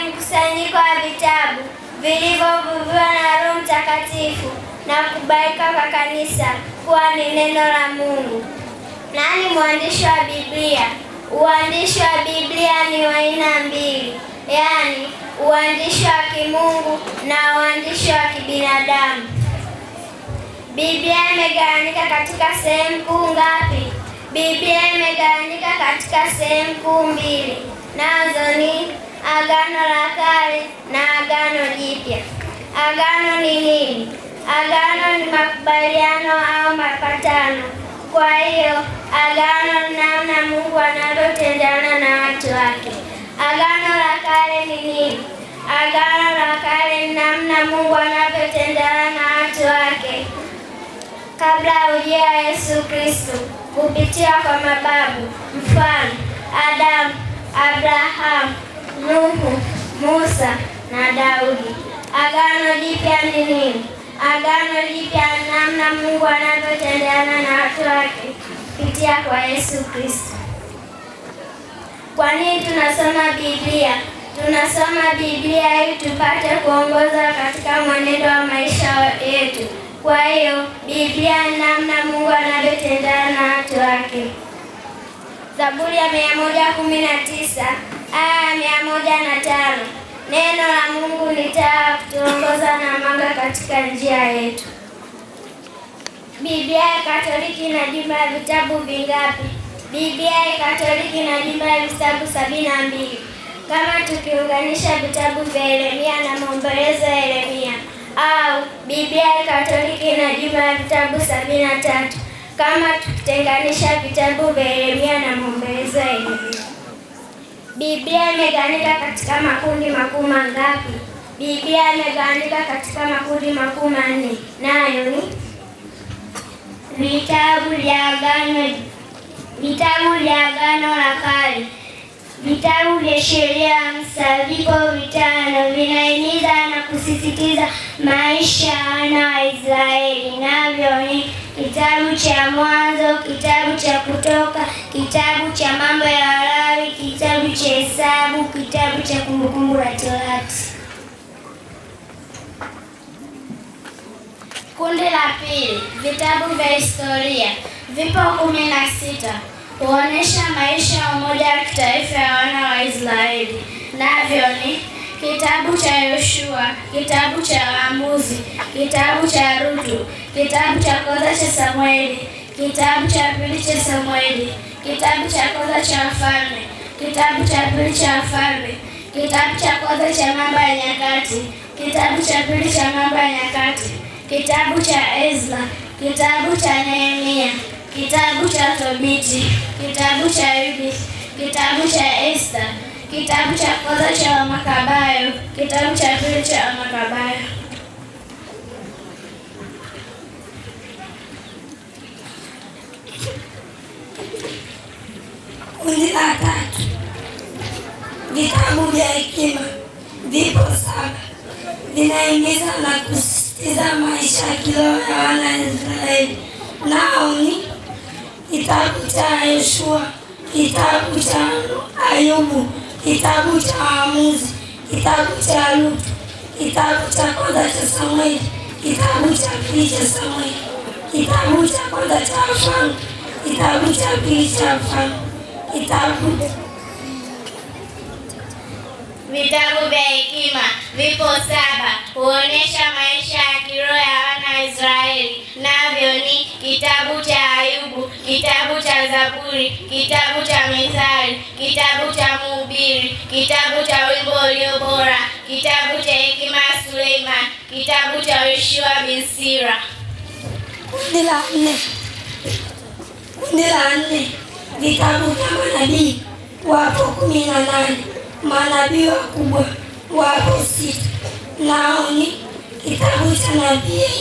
ni mkusanyiko wa vitabu vilivyovuviwa na Roho Mtakatifu na kubaika kwa kanisa kuwa ni neno la Mungu. Nani mwandishi wa Biblia? Uandishi wa Biblia ni wa aina mbili, yaani uandishi wa kimungu na uandishi wa kibinadamu. Biblia imegawanyika katika sehemu kuu ngapi? Biblia imegawanyika katika sehemu kuu mbili, nazo ni Agano la Kale na Agano Jipya. Agano ni nini? Agano ni makubaliano au mapatano. Kwa hiyo agano ni namna Mungu anavyotendana na watu wake. Agano la Kale ni nini? Agano la Kale ni namna Mungu anavyotendana na watu wake kabla ujia Yesu Kristo kupitia kwa mababu, mfano Adamu, Abrahamu Nuhu, Musa na Daudi. Agano Jipya ni nini? Agano Jipya namna Mungu anavyotendeana na watu wake kupitia kwa Yesu Kristo. Kwa nini tunasoma Biblia? Tunasoma Biblia ili tupate kuongoza katika mwenendo wa maisha yetu. Kwa hiyo Biblia ni namna Mungu anavyotendana na watu wake. Zaburi ya 119 aya ah, mia moja na tano. Neno la Mungu ni taa kutuongoza na mwanga katika njia yetu. Biblia ya Katoliki na jumla ya vitabu vingapi? Biblia ya Katoliki na jumla ya vitabu sabini na mbili kama tukiunganisha vitabu vya Yeremia na maombolezo ya Yeremia, au Biblia ya Katoliki na jumla ya vitabu sabini na tatu kama tukitenganisha vitabu vya Yeremia na maombolezo ya Yeremia. Biblia imegawanyika katika makundi makuu mangapi? Biblia imegawanyika katika makundi makuu manne, nayo ni vitabu vya Agano, vitabu vya Agano la Kale, vitabu vya sheria hamsa, viko vitano, vinahimiza na kusisitiza maisha ya wana wa Israeli, navyo ni kitabu cha Mwanzo, kitabu cha Kutoka, kitabu cha Mambo ya Walawi, kitabu cha Hesabu, kitabu cha Kumbukumbu la Torati. Kundi la pili, vitabu vya historia vipo kumi na sita huonyesha maisha ya umoja wa kitaifa ya wana wa Israeli, navyo ni kitabu cha Yoshua, kitabu cha Waamuzi, kitabu cha Rutu, kitabu cha kwanza cha Samueli, kitabu cha pili cha Samueli, kitabu cha kwanza cha Wafalme, kitabu cha pili cha Wafalme, kitabu cha kwanza cha Mambo ya Nyakati, kitabu cha pili cha Mambo ya Nyakati, kitabu cha Ezra, kitabu cha Nehemia, kitabu cha Tobiti, kitabu cha ibi kitabu cha Esta Kitabu cha kwanza cha Wamakabayo, kitabu cha pili cha Wamakabayo. Kundi la tatu, vitabu vya hekima. Vipo saba, vinaingiza na kusisitiza maisha ya kiroho ya wana Israeli, nao ni kitabu cha Yoshua, kitabu cha Ayubu kitabu cha Waamuzi, kitabu cha Ruth, kitabu cha kwanza cha Samueli, kitabu cha pili cha Samueli, kitabu cha kwanza cha Wafalme, kitabu cha pili cha Wafalme, kitabu Vitabu vya hekima vipo saba, huonesha maisha ya kiroho ya wana Israeli, navyo ni kitabu cha Ayubu, kitabu cha Zaburi, kitabu cha Mithali, kitabu cha Mhubiri, kitabu cha wimbo ulio bora, kitabu cha hekima ya Suleiman, kitabu cha Yoshua bin Sira. Kundi la nne. Kundi la nne, vitabu vya manabii wapo kumi na nane manabii wakubwa wapo sita, nao ni kitabu cha nabii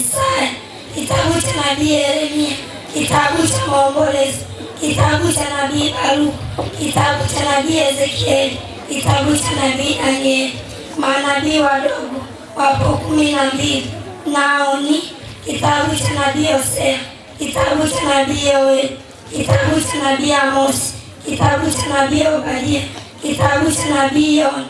Isaya, kitabu cha nabii Yeremia, kitabu cha maombolezo, kitabu cha nabii Baruku, kitabu cha nabii Ezekieli, kitabu cha nabii Danieli. Manabii wadogo wapo kumi na mbili, nao ni kitabu cha nabii Hosea, kitabu cha nabii Yoeli, kitabu cha nabii Amosi kitabu cha nabii Obadia, kitabu cha nabii Yona,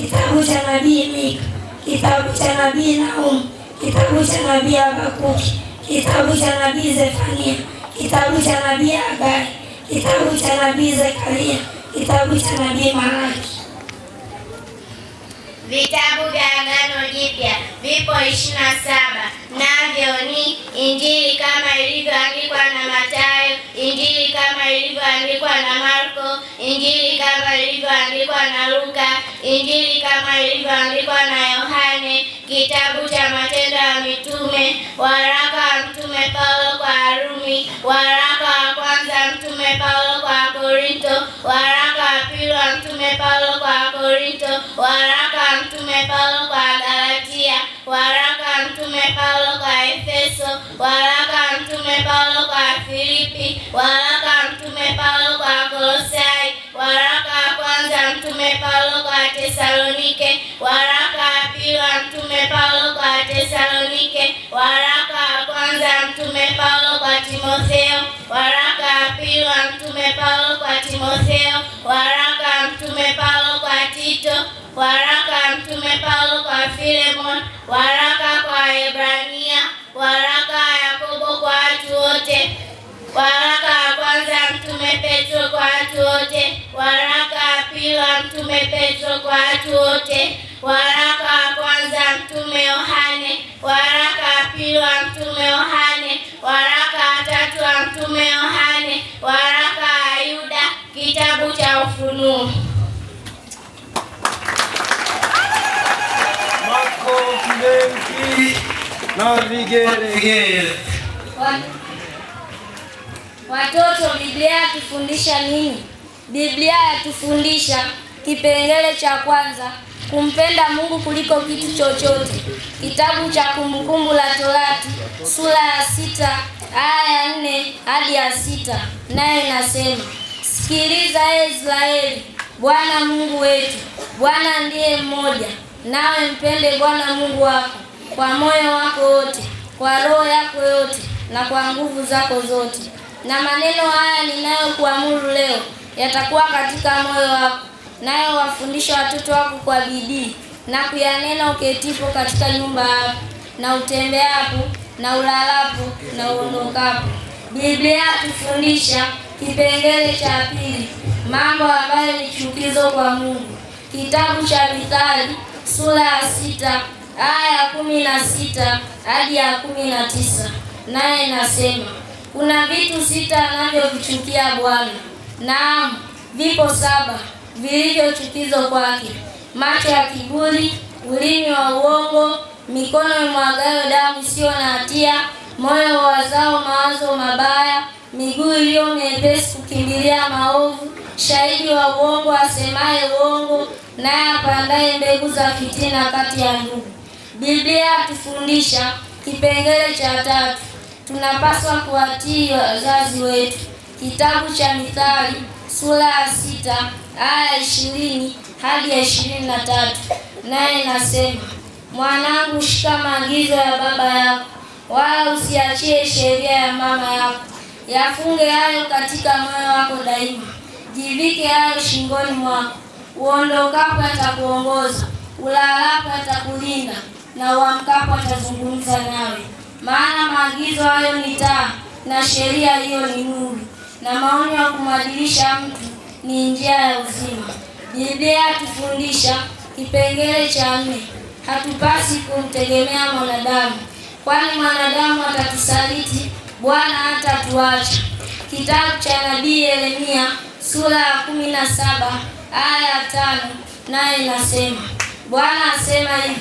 kitabu cha nabii Mika, kitabu cha nabii Naum, kitabu cha nabii Habakuki, kitabu cha nabii Zefania, kitabu cha nabii Agai, kitabu cha nabii Zekaria, kitabu cha nabii Malaki. Vitabu vya Agano Jipya vipo ishirini na saba navyo ni Injili kama ilivyoandikwa na Mathayo Injili kama ilivyoandikwa na Marko, Injili kama ilivyoandikwa na Luka, Injili kama ilivyoandikwa na Yohane, kitabu cha Matendo ya Mitume, waraka wa Mtume Paulo kwa Warumi, waraka wa kwanza Mtume Paulo kwa korinto waraka wa pili wa Mtume Paulo kwa korinto waraka wa Mtume Paulo kwa Galatia, waraka me tumepaloka Efeso, waraka tumepaloka Filipi, waraka tumepaloka Kolosai, waraka wa kwanza mtume Paulo kwa Tesalonike, waraka wa pili wa mtume Paulo kwa Tesalonike, waraka wa kwanza mtume Paulo kwa Timotheo, waraka wa pili wa mtume Paulo kwa Timotheo, waraka wa mtume Paulo kwa Tito, waraka wa mtume Paulo kwa Filemon, waraka Mtume Petro kwa watu wote, waraka wa kwanza Mtume Yohane, waraka wa pili wa Mtume Yohane, waraka wa tatu wa Mtume Yohane, waraka wa Yuda, kitabu cha Ufunuo. Watoto, Biblia yatufundisha nini? Biblia yatufundisha Kipengele cha kwanza: kumpenda Mungu kuliko kitu chochote. Kitabu cha Kumbukumbu la Torati sura ya sita aya ya nne hadi ya sita nayo inasema, sikiliza e Israeli, Bwana Mungu wetu Bwana ndiye mmoja, nawe mpende Bwana Mungu wako kwa moyo wako wote, kwa roho yako yote, na kwa nguvu zako zote. Na maneno haya ninayokuamuru leo yatakuwa katika moyo wako nayo wafundisha watoto wako kwa bidii na kuyanena uketipo katika nyumba yako na utembeapo na ulalapo na uondokapo. Biblia tufundisha kipengele cha pili, mambo ambayo ni chukizo kwa Mungu. Kitabu cha Mithali sura ya sita aya ya kumi na sita hadi ya kumi na tisa naye nasema kuna vitu sita anavyovichukia Bwana, naam vipo saba vilivyo chukizo kwake, macho ya kiburi, ulimi wa uongo, mikono imwagayo damu isiyo na hatia, moyo wazao mawazo mabaya, miguu iliyo mepesi kukimbilia maovu, shahidi wa uongo asemaye uongo, naye apandaye mbegu za fitina kati ya ndugu. Biblia atufundisha kipengele cha tatu, tunapaswa kuwatii wazazi wetu. Kitabu cha Mithali sura ya sita aya ya ishirini hadi ya ishirini na tatu naye nasema, mwanangu, shika maagizo ya baba yako, wala usiachie sheria ya mama yako. Yafunge hayo katika moyo wako daima, jivike hayo shingoni mwako. Uondokapo atakuongoza, ulalapo atakulinda, na uamkapo atazungumza nawe. Maana maagizo hayo ni taa, na sheria hiyo ni nuru na maono ya kumwadilisha mtu ni njia ya uzima. Biblia hatufundisha kipengele cha nne, hatupasi kumtegemea mwanadamu, kwani mwanadamu atatusaliti, Bwana hatatuacha. Kitabu cha nabii Yeremia sura ya kumi na saba aya ya tano naye inasema, Bwana asema hivi,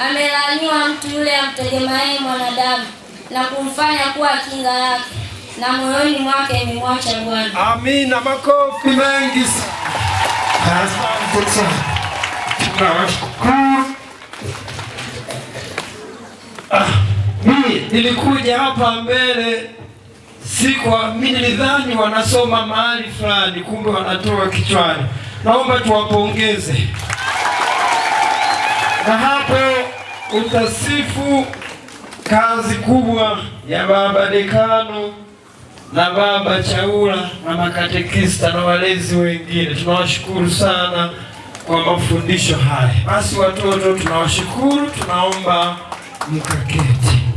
amelaaniwa mtu yule amtegemaye mwanadamu na kumfanya kuwa kinga yake na moyoni mwake amemwacha Bwana. Amina, makofi mengi. Ah, mimi nilikuja hapa mbele sikwa mimi nilidhani wanasoma mahali fulani, kumbe wanatoa kichwani. Naomba tuwapongeze, na hapo utasifu kazi kubwa ya Baba Dekano na baba Chaula na makatekista na walezi wengine, tunawashukuru sana kwa mafundisho haya. Basi watoto, tunawashukuru, tunaomba mkaketi.